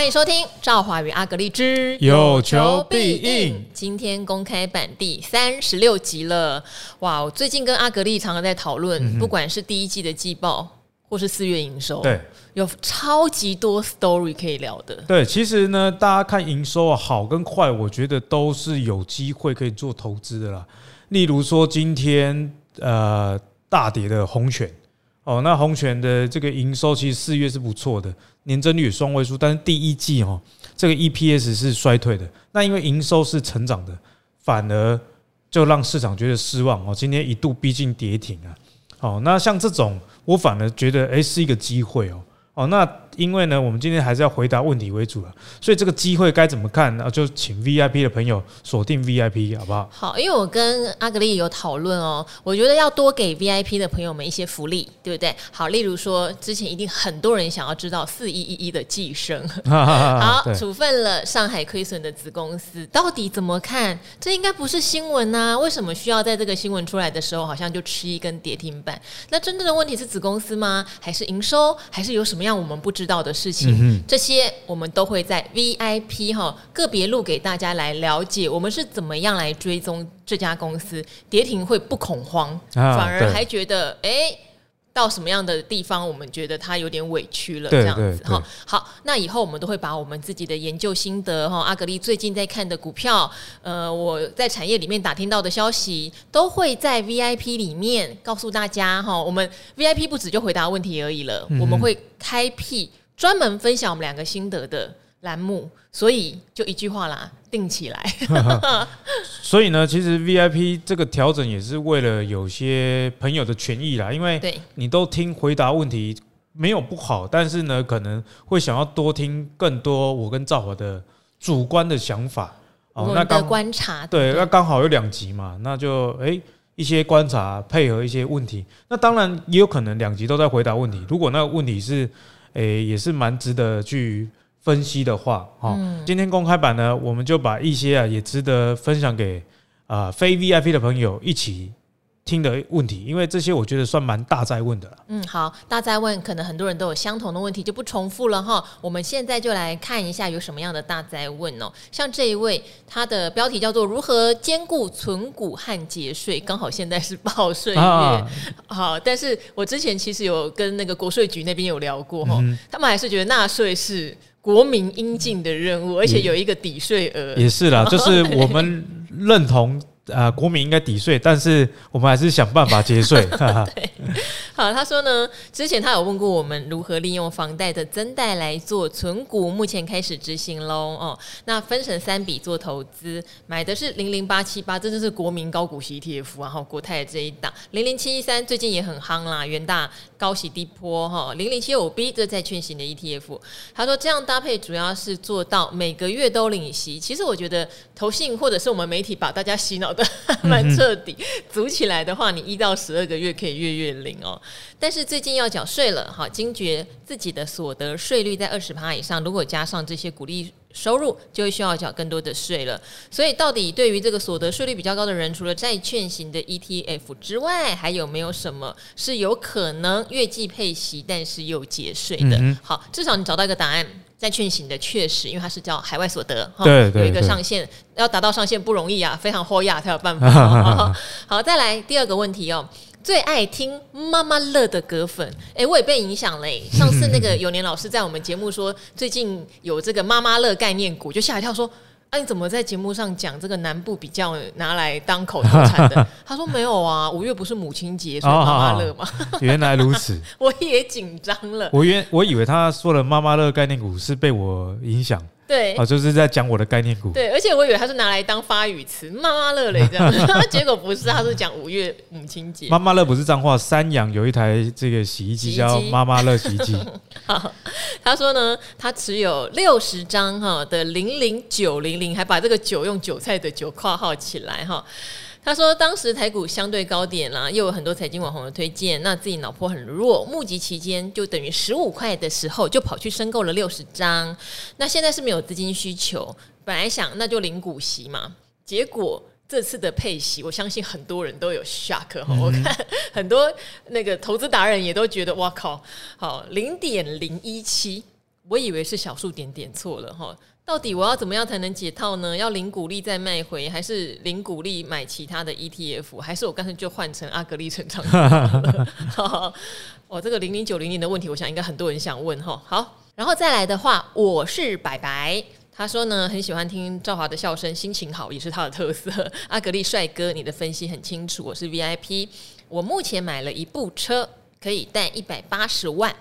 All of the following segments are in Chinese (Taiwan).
歡迎收聽趙華與阿格力之有求必應，今天公開版第三十六集了。哇，我最近跟阿格力常常在討論，不管是第一季的季報或是四月營收，對，有超級多 story 可以聊的。對，其實呢，大家看營收、啊、好跟壞，我覺得都是有機會可以做投資的啦。例如說今天呃大跌的紅犬哦，那紅犬的這個營收其實四月是不錯的。年增率也雙位數，但是第一季哦，這個 EPS 是衰退的，那因為營收是成長的，反而就讓市場覺得失望哦。今天一度逼近跌停啊。好、哦，那像這種，我反而覺得誒、欸，是一個機會哦。哦，那。因為呢，我們今天還是要回答問題為主了，所以這個機會該怎麼看呢？就請 VIP 的朋友鎖定 VIP，好不好？好，因為我跟阿格力有討論哦，我覺得要多給 VIP 的朋友們一些福利，對不對？好，例如說之前一定很多人想要知道四一一一的濟生 好，好處分了上海虧損的子公司，到底怎麼看？這應該不是新聞啊？為什麼需要在這個新聞出來的時候，好像就吃一根跌停板？那真正的問題是子公司嗎？還是營收？還是有什麼樣我們不知？到的事情，這些我們都會在 V I P 哈、喔、個別錄給大家來了解。我們是怎麼樣來追蹤這家公司跌停，會不恐慌，啊、反而還覺得哎、欸，到什麼樣的地方我們覺得他有點委屈了這樣子哈、喔。好，那以後我們都會把我們自己的研究心得哈、喔，阿格力最近在看的股票，呃，我在產業裡面打聽到的消息，都會在 V I P 裡面告訴大家哈、喔。我們 V I P 不只就回答問題而已了，嗯、我們會開闢。專門分享我們兩個心得的欄目，所以就一句話啦，定起來。 所以呢，其實 VIP 這個調整也是為了有些朋友的權益啦，因為你都聽回答問題沒有不好，但是呢，可能會想要多聽更多我跟趙華的主觀的想法哦。那觀察那剛，對，那剛好有兩集嘛，那就哎、欸，一些觀察配合一些問題。那當然也有可能兩集都在回答問題。如果那個問題是，誒、欸，也是蠻值得去分析的話，哈、嗯嗯。今天公開版呢，我們就把一些啊，也值得分享給啊、呃、非 VIP 的朋友一起。聽的問題，因為這些我覺得算蠻大哉問的。嗯，好，大哉問可能很多人都有相同的問題，就不重複了哈。我們現在就來看一下有什麼樣的大哉問哦。像這一位，他的標題叫做“如何兼顧存股和節稅”，剛好現在是報稅月、啊。好，但是我之前其實有跟那個國稅局那邊有聊過哈、嗯，他們還是覺得納稅是國民應盡的任務，而且有一個抵稅額也是啦，就是我們認同、哦。 啊、呃，國民應該抵稅，但是我們還是想辦法節稅。 對，好，他說呢，之前他有問過我們如何利用房貸的增貸來做存股，目前開始執行嘍。哦，那分成三筆做投資，買的是零零八七八，這就是國民高股息 ETF，然後國泰這一檔零零七一三最近也很夯啦，元大。高息低波哈，零零七五 B 這債券型的 ETF，他說這樣搭配主要是做到每個月都領息。其實我覺得投信或者是我們媒體把大家洗腦的還蠻徹底，嗯嗯組起來的話，你一到十二個月可以月月領哦。但是最近要繳稅了，好，驚覺自己的所得稅率在二十趴以上，如果加上這些股利收入，就會需要繳更多的稅了。所以，到底對於這個所得稅率比較高的人，除了債券型的 ETF 之外，還有沒有什麼是有可能月季配息，但是又節稅的？嗯嗯好，至少你找到一個答案。債券型的確實，因為它是叫海外所得，對，對，對。哦，有一個上限，對對對，要達到上限不容易啊，非常厚壓，yeah, 才有辦法。哈哈哈哈哈哈哈哈好，好，再來第二個問題哦。最愛聽媽媽樂的格粉，哎、欸，我也被影響了、欸。哎，上次那個有年老師在我們節目說，最近有這個媽媽樂概念股，就嚇一跳，說：“哎、啊，你怎麼在節目上講這個南部比較拿來當口頭禪的？” 他說：“沒有啊，五月不是母親節，所以媽媽樂嘛？”哦哦哦，原來如此， 我也緊張了。我原我以為他說了媽媽樂概念股是被我影響。對，啊、哦，就是在講我的概念股。對，而且我以為他是拿來當發語詞，媽媽樂嘞，這樣， 結果不是，他是講五月母親節。媽媽樂不是髒話，三洋有一台這個洗衣機叫媽媽樂洗衣機 他說呢，他持有六十張哈的零零九零零，還把這個九用韭菜的酒括號起來哈。他說，當時台股相對高點啦，又有很多財經網紅的推薦，那自己腦波很弱，募集期間就等於十五塊的時候就跑去申購了六十張。那現在是沒有資金需求，本來想那就領股息嘛，結果這次的配息，我相信很多人都有 shock 哈，我看很多那個投資達人也都覺得，哇靠，好零點零一七，我以為是小數點點錯了哈。到底我要怎麼樣才能解套呢？要零股利再賣回，還是零股利買其他的 ETF，還是我乾脆就換成阿格力成長？我、 哦、這個零零九零零的問題，我想應該很多人想問哈。好，然後再來的話，我是白白，他說呢，很喜歡聽趙華的笑聲，心情好也是他的特色。阿格力帥哥，你的分析很清楚，我是 VIP，我目前買了一部車，可以貸一百八十萬，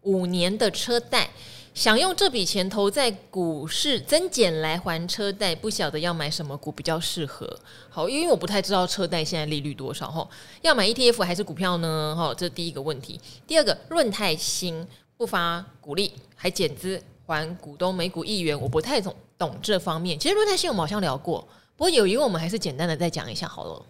五年的車貸。想用這筆錢投在股市增減來還車貸，不曉得要買什麼股比較適合。好，因為我不太知道車貸現在利率多少哈，要買 ETF 還是股票呢？哈，這第一個問題。第二個，潤泰新不發股利還減資還股東每股一元，我不太懂懂這方面。其實潤泰新我們好像聊過，不過有一個我們還是簡單的再講一下好了。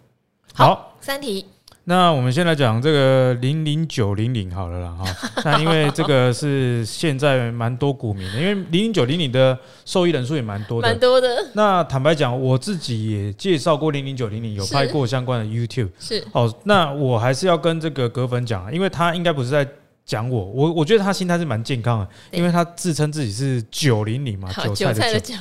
好，好三題。那我們先來講這個零零九零零好了啦哈， 那因為這個是現在蠻多股民的，因為零零九零零的受益人數也蠻多的。蠻多的。那坦白講，我自己也介紹過零零九零零，有拍過相關的 YouTube。是，是。哦，那我還是要跟這個格粉講啊，因為他應該不是在講我，我我覺得他心態是蠻健康的，因為他自稱自己是九零零嘛，韭菜的韭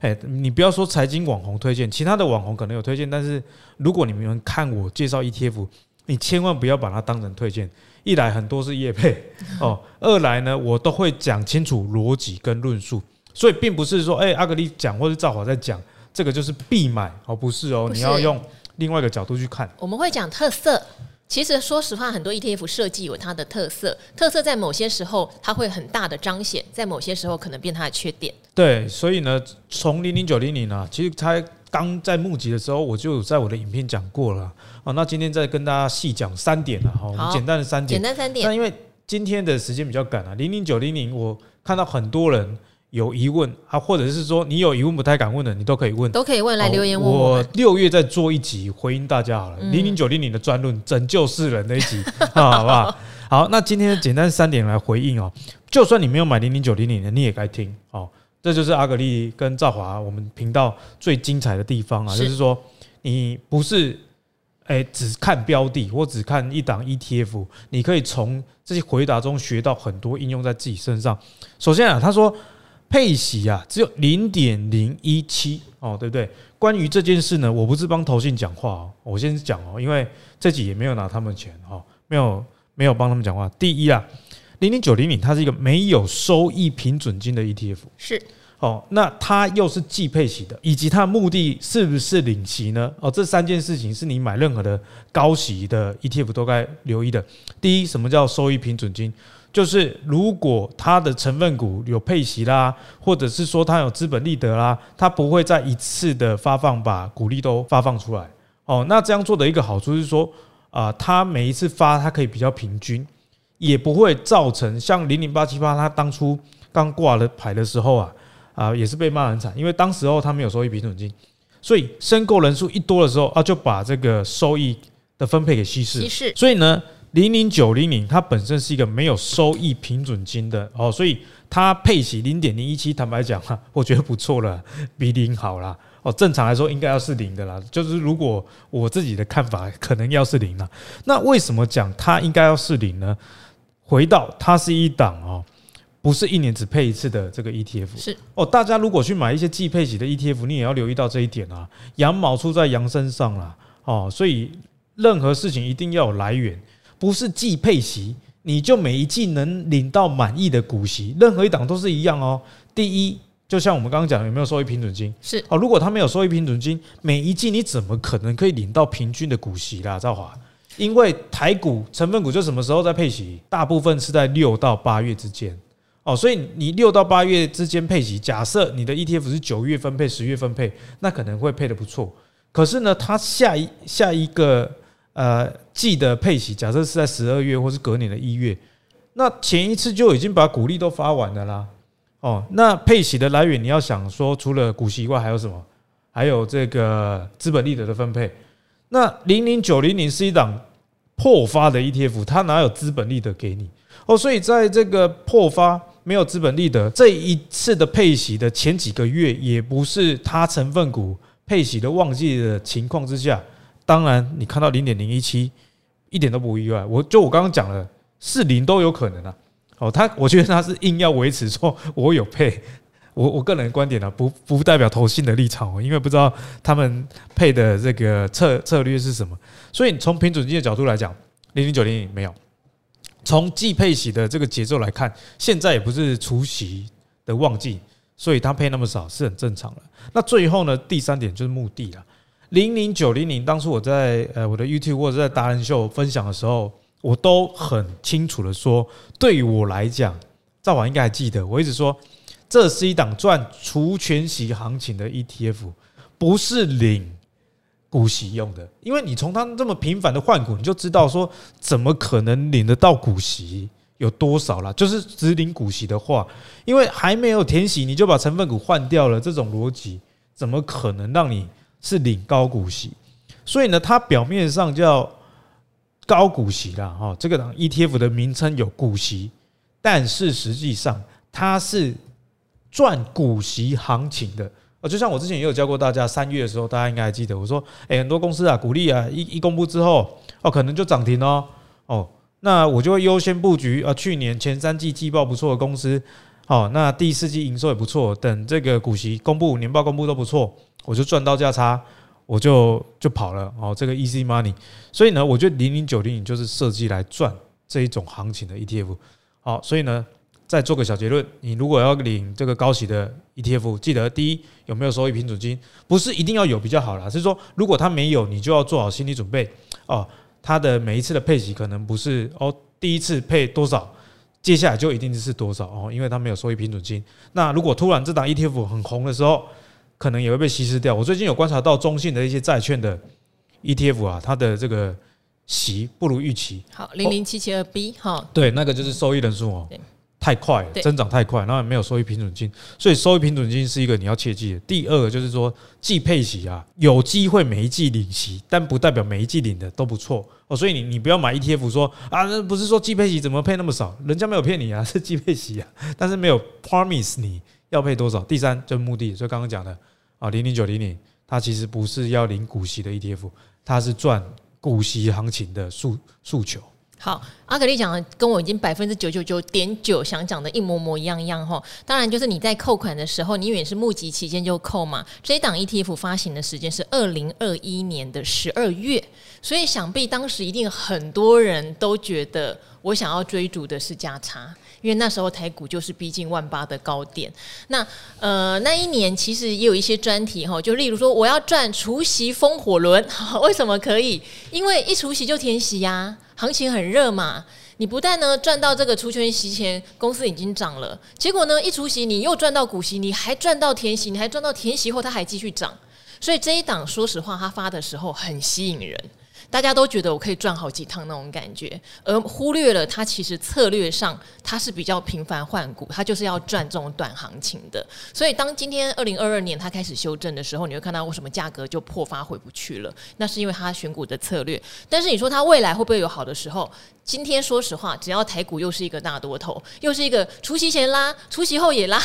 菜的。誒，你不要說財經網紅推薦，其他的網紅可能有推薦，但是如果你們有有看我介紹 ETF。你千萬不要把它當成推薦，一來很多是業配、嗯、哦，二來呢我都會講清楚邏輯跟論述，所以並不是說哎、欸、阿格力講或是造華在講，這個就是必買而、哦、不是哦不是，你要用另外一個角度去看。我們會講特色，其實說實話，很多 ETF 設計有它的特色，特色在某些時候它會很大的彰顯，在某些時候可能變它的缺點。對，所以呢，從零零九零零呢，其實它，剛在募集的時候，我就在我的影片講過了啊。那今天再跟大家細講三點了哈。簡單的三點，簡單三點。那因為今天的時間比較趕啊，零零九零零，我看到很多人有疑問啊，或者是說你有疑問不太敢問的，你都可以問，都可以問來留言我。六月再做一集回應大家好了，零零九零零的專論，拯救世人的一集好，好不好？好，那今天簡單三點來回應哦。就算你沒有買零零九零零的，你也該聽哦。這就是阿格力跟趙華我們頻道最精彩的地方啊，就是說你不是誒、欸，只看標的，或只看一檔 ETF，你可以從這些回答中學到很多應用在自己身上。首先啊，他說配息啊只有零點零一七哦，對不對？關於這件事呢，我不是幫投信講話哦，我先講哦，因為自己也沒有拿他們錢哦，沒有沒有幫他們講話。第一啊。00900，它是一個沒有收益平準金的 ETF，是哦。那它又是季配息的，以及它的目的是不是領息呢？哦，這三件事情是你買任何的高息的 ETF 都該留意的。第一，什麼叫收益平準金？就是如果它的成分股有配息啦，或者是說它有資本利得啦，它不會在一次的發放把股利都發放出來。哦，那這樣做的一個好處是說，啊、呃，它每一次發它可以比較平均。也不會造成像零零八七八，它當初剛掛了牌的時候啊，啊也是被罵很慘，因為當時候它沒有收益平準金，所以申購人數一多的時候啊，就把這個收益的分配給稀釋。所以呢，零零九零零它本身是一個沒有收益平準金的哦，所以它配息零點零一七，坦白講啊，我覺得不錯了，比零好了哦。正常來說應該要是零的啦，就是如果我自己的看法可能要是零了，那為什麼講它應該要是零呢？回到它是一檔哦，不是一年只配一次的這個 ETF 是哦。大家如果去買一些季配型的 ETF，你也要留意到這一點啊。羊毛出在羊身上啦。哦，所以任何事情一定要有來源，不是季配型你就每一季能領到滿意的股息，任何一檔都是一樣哦。第一，就像我們剛剛講的，有沒有收益平準金是哦？如果它沒有收益平準金，每一季你怎麼可能可以領到平均的股息啦？趙華。因為台股成分股就什麼時候在配息，大部分是在六到八月之間，哦，所以你六到八月之間配息，假設你的 ETF 是九月分配、十月分配，那可能會配得不錯。可是呢，它下一下一個呃季的配息，假設是在十二月或是隔年的一月，那前一次就已經把股利都發完了啦，哦，那配息的來源你要想說，除了股息以外還有什麼？還有這個資本利得的分配。那零零九零零是一檔。破發的 ETF，它哪有資本利得給你哦？所以在這個破發沒有資本利得這一次的配息的前幾個月，也不是它成分股配息的旺季的情況之下，當然你看到零點零一七，一點都不意外。我就我剛剛講了，是零都有可能啊。哦，他我覺得他是硬要維持說我有配。我我個人的觀點呢、啊，不不代表投信的立場、哦，因為不知道他們配的這個策策略是什麼。所以從品種濟的角度來講，零零九零零沒有。從季配息的這個節奏來看，現在也不是除息的旺季，所以它配那麼少是很正常的。那最後呢，第三點就是目的了。零零九零零當初我在呃我的 YouTube 或者在達人秀分享的時候，我都很清楚的說，對於我來講，趙王應該還記得，我一直說。這是一檔賺除權息行情的 ETF，不是領股息用的。因為你從它這麼頻繁的換股，你就知道說，怎麼可能領得到股息有多少了？就是只領股息的話，因為還沒有填息，你就把成分股換掉了，這種邏輯怎麼可能讓你是領高股息？所以呢，它表面上叫高股息啦。哈，這個檔 ETF 的名稱有股息，但是實際上它是。賺股息行情的啊，就像我之前也有教過大家，三月的時候大家應該還記得，我說，誒、欸，很多公司啊，股利啊，一一公布之後，哦，可能就漲停哦，哦，那我就會優先布局啊，去年前三季季報不錯的公司，哦，那第四季營收也不錯，等這個股息公布，年報公布都不錯，我就賺到價差，我就就跑了哦，這個 easy money，所以呢，我覺得零零九零零就是設計來賺這一種行情的 ETF，好、哦，所以呢。再做個小結論，你如果要領這個高息的 ETF，記得第一，有沒有收益平準金，不是一定要有比較好啦。所以說，如果它沒有，你就要做好心理準備哦。它的每一次的配息可能不是哦，第一次配多少，接下來就一定是多少哦，因為它沒有收益平準金。那如果突然這檔 ETF 很紅的時候，可能也會被稀釋掉。我最近有觀察到中信的一些債券的 ETF 啊，它的這個息不如預期。好，零零七七二 B，好，嗯、對，那個就是收益人數哦。太快了，增長太快，然後也沒有收益平準金，所以收益平準金是一個你要切記的。第二個就是說季配息啊，有機會每一季領息，但不代表每一季領的都不錯哦。所以你你不要買 ETF 說啊，那不是說季配息怎麼配那麼少？人家沒有騙你啊，是季配息啊，但是沒有 promise 你要配多少。第三，就是、目的，就剛剛講的啊，零零九零零，它其實不是要領股息的 ETF，它是賺股息行情的訴訴求。好，阿格力講的跟我已經百分之九九九點九想講的一模模一樣樣。當然，就是你在扣款的時候，你也是募集期間就扣嘛。這檔 ETF 發行的時間是二零二一年的十二月，所以想必當時一定很多人都覺得我想要追逐的是價差。因為那時候台股就是逼近萬八的高點，那呃那一年其實也有一些專題哈，就例如說我要賺除息風火輪，為什麼可以？因為一除息就填息呀，啊，行情很熱嘛。你不但呢賺到這個除權息前公司已經漲了，結果呢一除息你又賺到股息，你還賺到填息，你還賺到填息後它還繼續漲，所以這一檔說實話它發的時候很吸引人。大家都覺得我可以賺好幾趟那種感覺，而忽略了它。其實策略上它是比較頻繁換股，它就是要賺這種短行情的。所以當今天二零二二年它開始修正的時候，你會看到為什麼價格就破發回不去了？那是因為它選股的策略。但是你說它未來會不會有好的時候？今天說實話，只要台股又是一個大多頭，又是一個除息前拉，除息後也拉，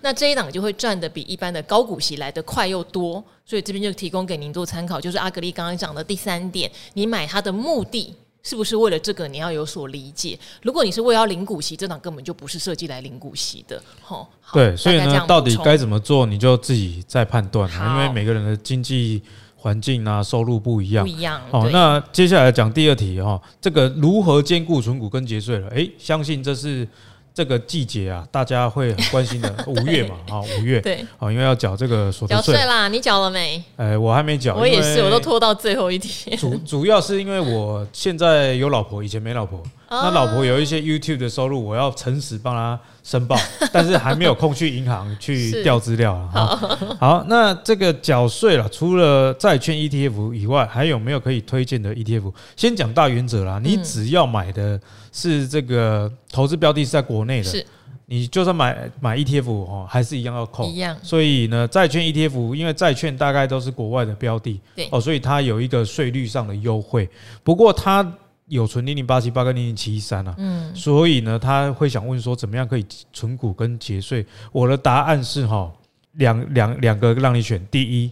那這一檔就會賺得比一般的高股息來得快又多。所以這邊就提供給您做參考，就是阿格力剛剛講的第三點，你買它的目的是不是為了這個，你要有所理解。如果你是為了要領股息，這檔根本就不是設計來領股息的，齁。對，所以呢，到底該怎麼做，你就自己再判斷了，因為每個人的經濟環境啊、收入不一樣。不一樣。哦，那接下來講第二題哈，這個如何兼顧存股跟節稅了？誒、欸，相信這是。這個季節啊，大家會很關心的，五月嘛，啊， 哦、五月，對，啊、哦，因為要繳這個所得稅，繳稅啦，你繳了沒？哎、欸，我還沒繳，我也是，我都拖到最後一天。 主主要是因為我現在有老婆，以前沒老婆。Oh, 那老婆有一些 YouTube 的收入，我要誠實幫他申報， 但是還沒有空去銀行去調資料啊。 好，好， 好，那這個繳稅了，除了債券 ETF 以外，還有沒有可以推薦的 ETF？先講大原則啦，嗯，你只要買的是這個投資標的是在國內的，你就算買買 ETF 哦，還是一樣要扣，一樣。所以呢，債券 ETF 因為債券大概都是國外的標的，哦，所以它有一個稅率上的優惠。不過它。有存零零八七八跟零零七一三啊、嗯，所以呢，他會想問說，怎麼樣可以存股跟節稅？我的答案是哈、哦，兩兩兩個讓你選。第一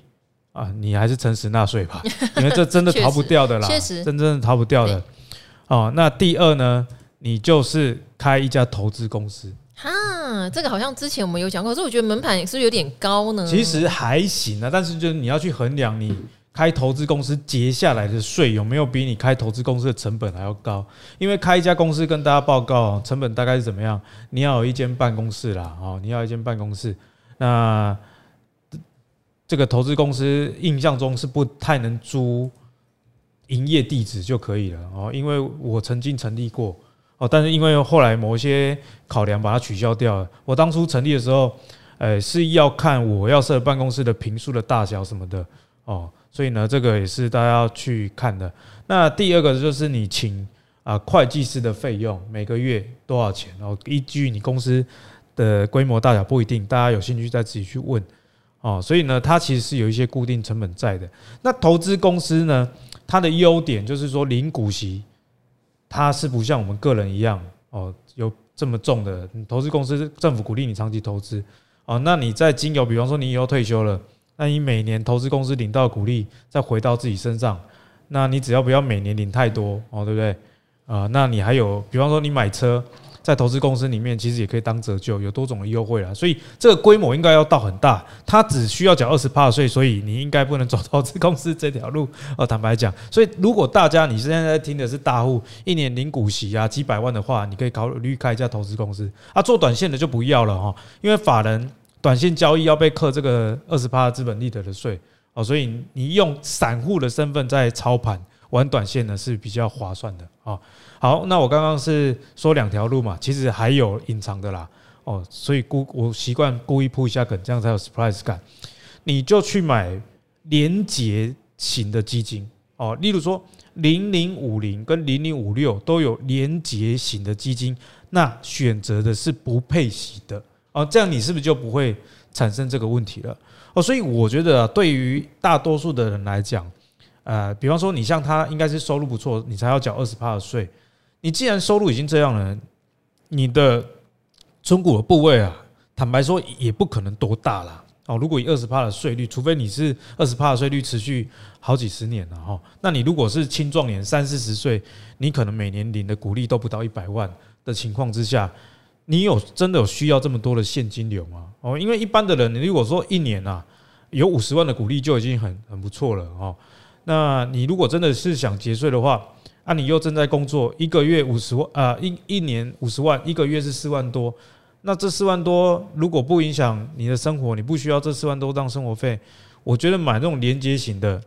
啊，你還是誠實納稅吧，因為這真的逃不掉的啦，確實，實真，真的逃不掉的。哦，那第二呢，你就是開一家投資公司。哈，這個好像之前我們有講過，可是我覺得門檻是不是有點高呢？其實還行啊，但是就是你要去衡量你，開投資公司接下來的稅有沒有比你開投資公司的成本還要高？因為開一家公司跟大家報告成本大概是怎麼樣？你要有一間辦公室啦，哦，你要一間辦公室。那這個投資公司印象中是不太能租營業地址就可以了哦，因為我曾經成立過哦，但是因為後來某一些考量把它取消掉了。我當初成立的時候，呃，是要看我要設辦公室的坪數的大小什麼的哦。所以呢，這個也是大家要去看的。那第二個就是你請啊會計師的費用，每個月多少錢？哦，依據你公司的規模大小不一定，大家有興趣再自己去問哦。所以呢，它其實是有一些固定成本在的。那投資公司呢，它的優點就是說領股息，它是不像我們個人一樣哦，有這麼重的。投資公司政府鼓勵你長期投資哦。那你在經由，比方說你以後退休了。那你每年投資公司領到的股利，再回到自己身上，那你只要不要每年領太多哦，對不對？啊、呃，那你還有，比方說你買車，在投資公司裡面其實也可以當折舊，有多種的優惠啦。所以這個規模應該要到很大，他只需要繳20%的稅，所以你應該不能走投資公司這條路。哦，坦白講，所以如果大家你現在在聽的是大戶，一年領股息啊幾百萬的話，你可以考慮開一家投資公司。啊，做短線的就不要了哈，因為法人，短線交易要被課這個二十趴資本利得的稅哦，所以你用散戶的身份在操盤玩短線呢是比較划算的啊。好，那我剛剛是說兩條路嘛，其實還有隱藏的啦哦，所以故我習慣故意鋪一下梗，這樣才有 surprise 感。你就去買連結型的基金哦，例如說零零五零跟零零五六都有連結型的基金，那選擇的是不配息的。哦，這樣你是不是就不會產生這個問題了？哦，所以我覺得對於大多數的人來講，呃，比方說你像他應該是收入不錯，你才要繳二十趴的稅。你既然收入已經這樣了，你的存股的部位啊，坦白說也不可能多大了。哦，如果以二十趴的稅率，除非你是二十趴的稅率持續好幾十年了哈，那你如果是青壯年三四十歲，你可能每年領的股利都不到一百萬的情況之下，你有真的有需要這麼多的現金流嗎？哦，因為一般的人，你如果說一年吶、啊、有五十萬的股利就已經很很不錯了哦。那你如果真的是想節稅的話，啊，你又正在工作，一個月五十萬啊、呃，一一年五十萬，一個月是四萬多。那這四萬多如果不影響你的生活，你不需要這四萬多當生活費，我覺得買那種連結型的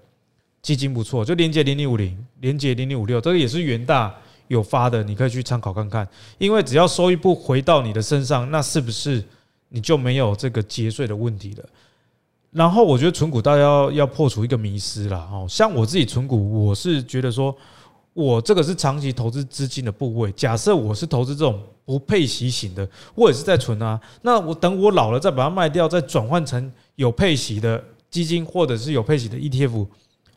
基金不錯，就連結零零五零，連結零零五六，這個也是元大。有發的，你可以去參考看看，因為只要收益不回到你的身上，那是不是你就沒有這個節稅的問題了？然後我覺得存股大家要要破除一個迷思啦。哦，像我自己存股，我是覺得說，我這個是長期投資資金的部位。假設我是投資這種不配息型的，我也是在存啊，那我等我老了再把它賣掉，再轉換成有配息的基金或者是有配息的 ETF。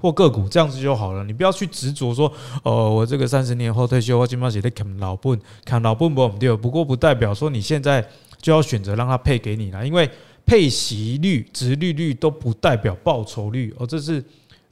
或個股這樣子就好了，你不要去執着說，呃，我這個三十年後退休，我起碼得啃老本，啃老本沒問題。不過不代表說你現在就要選擇讓它配給你了，因為配息率、殖利率，都不代表報酬率，哦，這是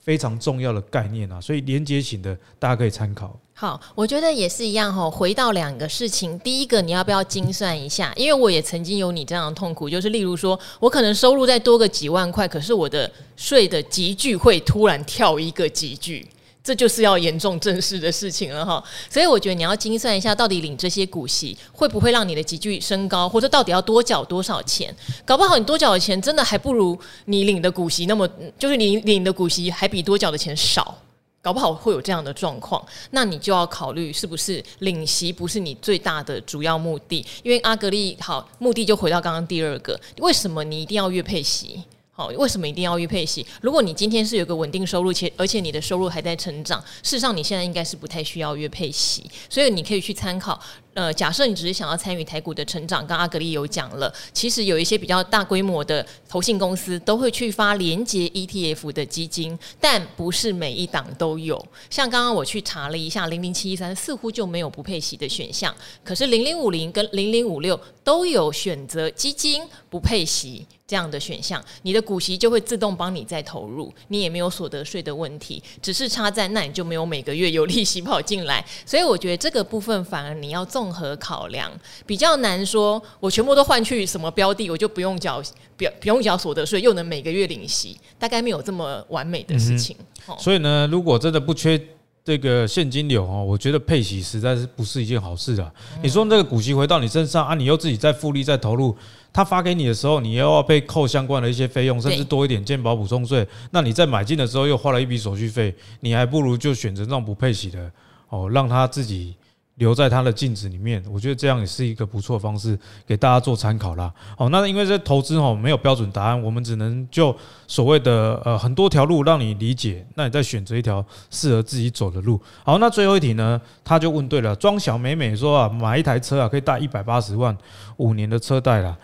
非常重要的概念啊。所以連結型的，大家可以參考。好，我覺得也是一樣哈。回到兩個事情，第一個你要不要精算一下？因為我也曾經有你這樣的痛苦，就是例如說我可能收入再多個幾萬塊，可是我的稅的級距會突然跳一個級距，這就是要嚴重正視的事情了哈。所以我覺得你要精算一下，到底領這些股息會不會讓你的級距升高，或者到底要多繳多少錢？搞不好你多繳的錢真的還不如你領的股息，那麼就是你領的股息還比多繳的錢少。搞不好會有這樣的狀況，那你就要考慮是不是領息，不是你最大的主要目的。因為阿格力好目的就回到剛剛第二個，為什麼你一定要月配息？好，為什麼一定要月配息？如果你今天是有個穩定收入，且而且你的收入還在成長，事實上你現在應該是不太需要月配息。所以你可以去參考。呃，假設你只是想要參與台股的成長，剛阿格力有講了，其實有一些比較大規模的投信公司都會去發連結 ETF 的基金，但不是每一檔都有。像剛剛我去查了一下，零零七一三似乎就沒有不配息的選項，可是零零五零跟零零五六都有選擇基金不配息這樣的選項，你的股息就會自動幫你再投入，你也沒有所得稅的問題，只是差在那你就沒有每個月有利息跑進來，所以我覺得這個部分反而你要重。綜合考量比較難，說我全部都換去什麼標的，我就不用繳，不不用繳所得稅，又能每個月領息，大概沒有這麼完美的事情、嗯哦。所以呢，如果真的不缺這個現金流哦，我覺得配息實在是不是一件好事啊、嗯。你說這個股息回到你身上啊，你又自己再複利再投入，他發給你的時候，你又要被扣相關的一些費用、嗯，甚至多一點健保補充稅。那你在買進的時候又花了一筆手續費，你還不如就選擇那種不配息的哦，讓他自己。留在他的鏡子裡面，我覺得這樣也是一個不錯的方式，給大家做參考啦。好，那因為這投資哦沒有標準答案，我們只能就所謂的呃很多條路讓你理解，那你再選擇一條適合自己走的路。好，那最後一題呢，他就問對了，莊小美美說啊，買一台車啊，可以貸一百八十萬五年的車貸啦。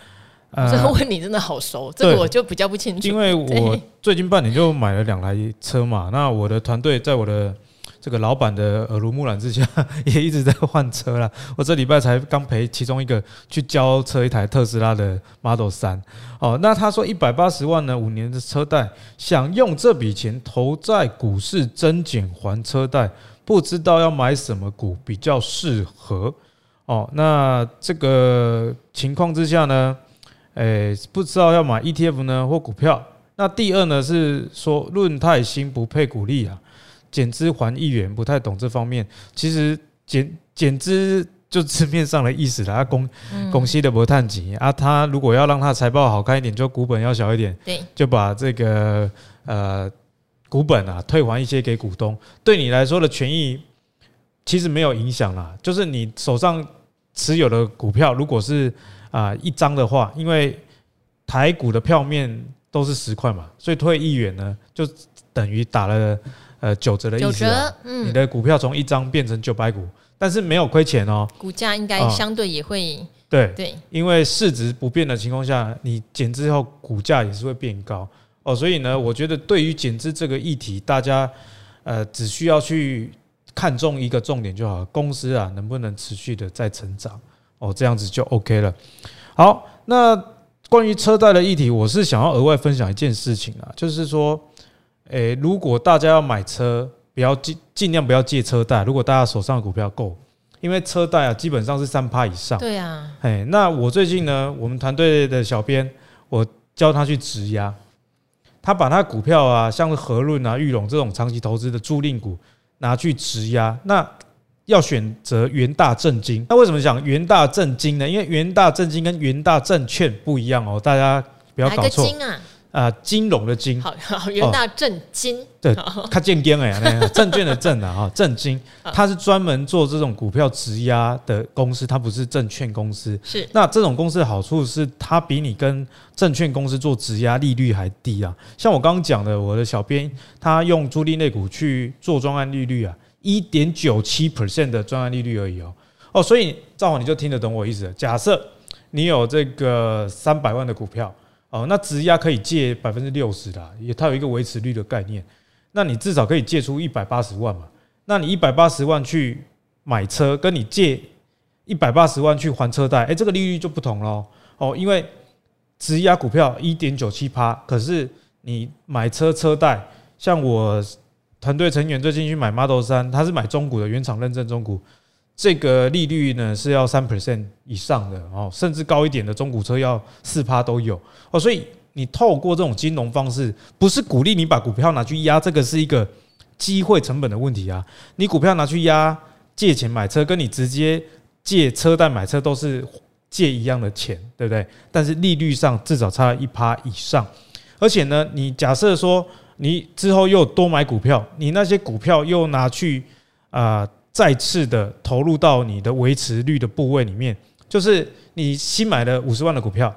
這問你真的好熟，這個我就比較不清楚，因為我最近半年就買了兩台車嘛，那我的團隊在我的。這個老闆的耳濡目染之下，也一直在換車啦。我這禮拜才剛陪其中一個去交車一台特斯拉的 Model 3。哦，那他說一百八十萬呢，五年的車貸，想用這筆錢投在股市增減還車貸，不知道要買什麼股比較適合。哦，那這個情況之下呢，誒、欸，不知道要買 ETF 呢或股票。那第二呢是說，論泰新不配股利啊。減資還一元，不太懂這方面。其實減減資就字面上的意思了。啊，廣廣息的不太集團啊，他如果要讓他財報好看一點，就股本要小一點，對，就把這個呃股本啊退還一些給股東。對你來說的權益其實沒有影響啦，就是你手上持有的股票，如果是啊、呃、一張的話，因為台股的票面都是十塊嘛，所以退一元呢，就等於打了。呃，九折的意思。九折，嗯，你的股票從一張變成九百股，但是沒有虧錢哦。股價應該相對也會對對，因為市值不變的情況下，你減資後股價也是會變高哦。所以呢，我覺得對於減資這個議題，大家呃只需要去看中一個重點就好了，公司啊能不能持續的在成長哦，這樣子就 OK 了。好，那關於車貸的議題，我是想要額外分享一件事情啊，就是說。誒、欸，如果大家要買車，不要盡盡量不要借車貸。如果大家手上的股票夠，因為車貸啊，基本上是三趴以上。對啊。誒，那我最近呢，我們團隊的小編，我教他去質押，他把他股票啊，像是和潤啊、玉龍這種長期投資的租賃股拿去質押。那要選擇元大證金。那為什麼講元大證金呢？因為元大證金跟元大證券不一樣哦，大家不要搞錯。啊、呃，金融的金，好，元大證金，哦，對，他建研哎，證券的證啊，哈， 哦，證金，他是專門做這種股票質押的公司，他不是證券公司。是，那這種公司的好處是，它比你跟證券公司做質押利率還低啊。像我剛剛講的，我的小編他用租賃類股，去做專案利率啊，一點九七 percent 的專案利率而已哦。哦，所以趙王你就聽得懂我意思，假設你有這個三百萬的股票。哦，那質押可以借百分之六十的，啊，也它有一個維持率的概念，那你至少可以借出一百八十萬嘛。那你一百八十萬去買車，跟你借一百八十萬去還車貸，誒、欸，這個利率就不同了。哦，因為質押股票一點九七趴，可是你買車車貸，像我團隊成員最近去買 Model 三，他是買中古的原廠認證中古。這個利率呢是要三 percent 以上的哦，甚至高一點的中古車要四趴都有哦，所以你透過這種金融方式，不是鼓勵你把股票拿去押，這個是一個機會成本的問題啊。你股票拿去押借錢買車，跟你直接借車貸買車都是借一樣的錢，對不對？但是利率上至少差了一趴以上，而且呢，你假設說你之後又多買股票，你那些股票又拿去啊、呃。再次的投入到你的維持率的部位裡面，就是你新買的五十萬的股票，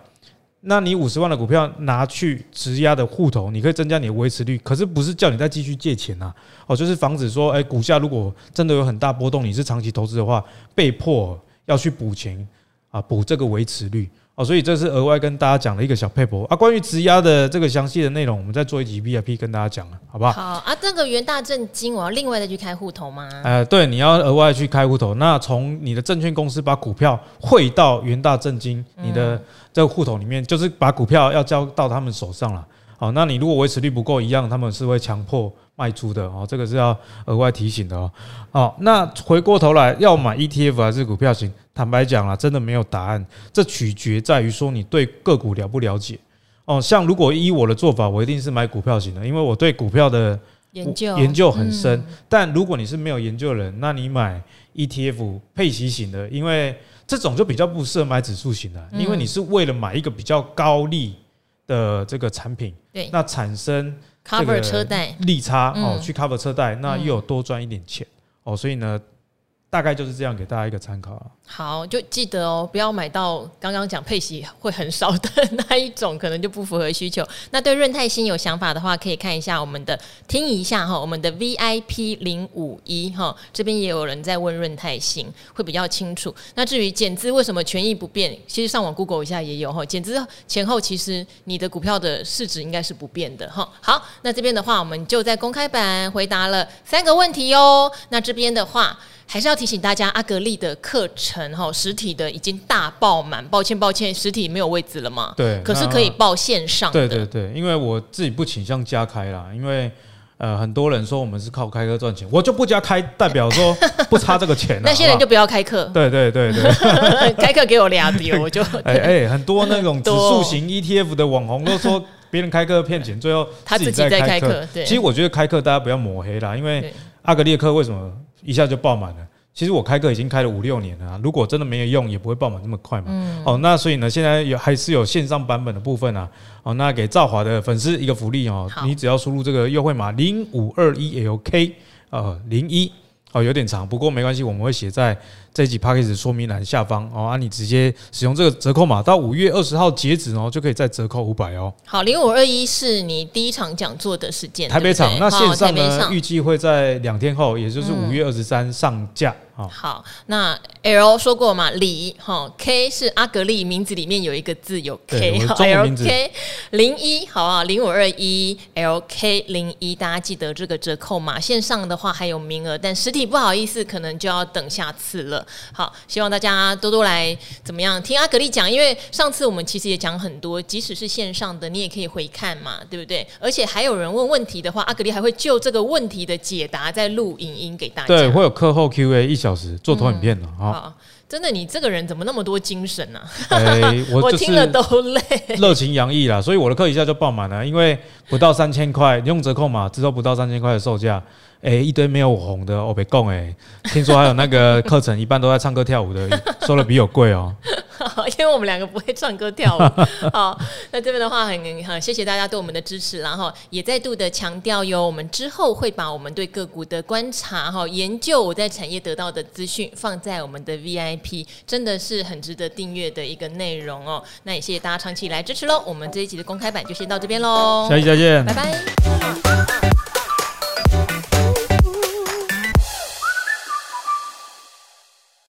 那你五十萬的股票拿去質押的戶頭，你可以增加你的維持率，可是不是叫你再繼續借錢吶？哦，就是防止說，哎，股價如果真的有很大波動，你是長期投資的話，被迫要去補錢啊，補這個維持率。哦，所以這是額外跟大家講的一個小撇步啊。關於質押的這個詳細的內容，我們再做一集 VIP 跟大家講了，好不好？好啊，這、那個元大證金我要另外再去開戶頭嗎？呃，對，你要額外去開戶頭。那從你的證券公司把股票匯到元大證金、嗯、你的這個戶頭裡面，就是把股票要交到他們手上了。好，那你如果維持率不夠一樣，他們是會強迫。賣出的哦，這個是要額外提醒的哦。好、哦，那回過頭來，要買 ETF 還是股票型？坦白講啊，真的沒有答案，這取決在於說你對個股了不了解哦。像如果依我的做法，我一定是買股票型的，因為我對股票的研究、嗯、研究很深。但如果你是沒有研究人，那你買 ETF 配息型的，因為這種就比較不適合買指數型的，因為你是為了買一個比較高利的這個產品，嗯、對，那產生。cover 這個車貸利差哦，去 cover 車貸，那又多賺一點錢，嗯嗯哦，所以呢。大概就是這樣，給大家一個參考。好，就記得哦，不要買到剛剛講配息會很少的那一種，可能就不符合需求。那對潤泰新有想法的話，可以看一下我們的聽一下哈，我們的 VIP 零五一哈，這邊也有人在問潤泰新，會比較清楚。那至於減資為什麼權益不變，其實上網 Google 一下也有哈，減資前後其實你的股票的市值應該是不變的哈。好，那這邊的話，我們就在公開版回答了三個問題哦。那這邊的話。還是要提醒大家，阿格力的課程哈實體的已經大爆滿，抱歉抱歉，實體沒有位置了嘛？對，可是可以報線上。對對對，因為我自己不傾向加開啦，因為呃很多人說我們是靠開課賺錢，我就不加開，代表說不差這個錢啦 那些人就不要開課。對對對對 開課給我抓到，我就。哎哎、欸欸，很多那種指數型 ETF 的網紅都說別人開課騙錢， 最後自他自己在開課。對，其實我覺得開課大家不要抹黑啦，因為阿格力的課為什麼？一下就爆滿了。其實我開課已經開了五六年了、啊，如果真的沒有用，也不會爆滿這麼快嘛、嗯。哦，那所以呢，現在有還是有線上版本的部分啊。哦，那給趙華的粉絲一個福利哦，你只要輸入這個優惠碼零五二一 LK，呃，零一哦有點長，不過沒關係，我們會寫在。這集 podcast 說明欄下方哦，啊，你直接使用這個折扣碼到五月二十號截止哦，就可以再折扣五百哦。好，零五二一是你第一場講座的時間，台北場。那線上呢上，預計會在兩天後，也就是五月二十三上架啊、嗯。好，那 L 說過嘛，李哈、哦、K 是阿格力，名字裡面有一個字有 K 哈，L K 零一好啊，零五二一 L K 零一，大家記得這個折扣碼。線上的話還有名額，但實體不好意思，可能就要等下次了。好，希望大家多多來怎麼樣聽阿格力講？因為上次我們其實也講很多，即使是線上的，你也可以回看嘛，對不對？而且還有人問問題的話，阿格力還會就這個問題的解答在錄影音給大家。對，會有課後 Q&A 一小時做投影片的啊、嗯哦。真的，你這個人怎麼那麼多精神呢、啊，欸？我聽了都累，熱情洋溢啦。所以我的課一下就爆滿了，因為不到三千塊，用折扣碼嘛，至少不到三千塊的售價。哎、欸，一堆沒有紅的，我、哦、沒供哎、欸。聽說還有那個課程， 一半都在唱歌跳舞的，收的比較貴哦。因為我們兩個不會唱歌跳舞。 好，那這邊的話很，很很謝謝大家對我們的支持，然後也再度的強調喲，我們之後會把我們對個股的觀察哈研究，我在產業得到的資訊放在我們的 VIP，真的是很值得訂閱的一個內容哦、喔。那也謝謝大家長期來支持嘍。我們這一集的公開版就先到這邊嘍。下期再見，拜拜。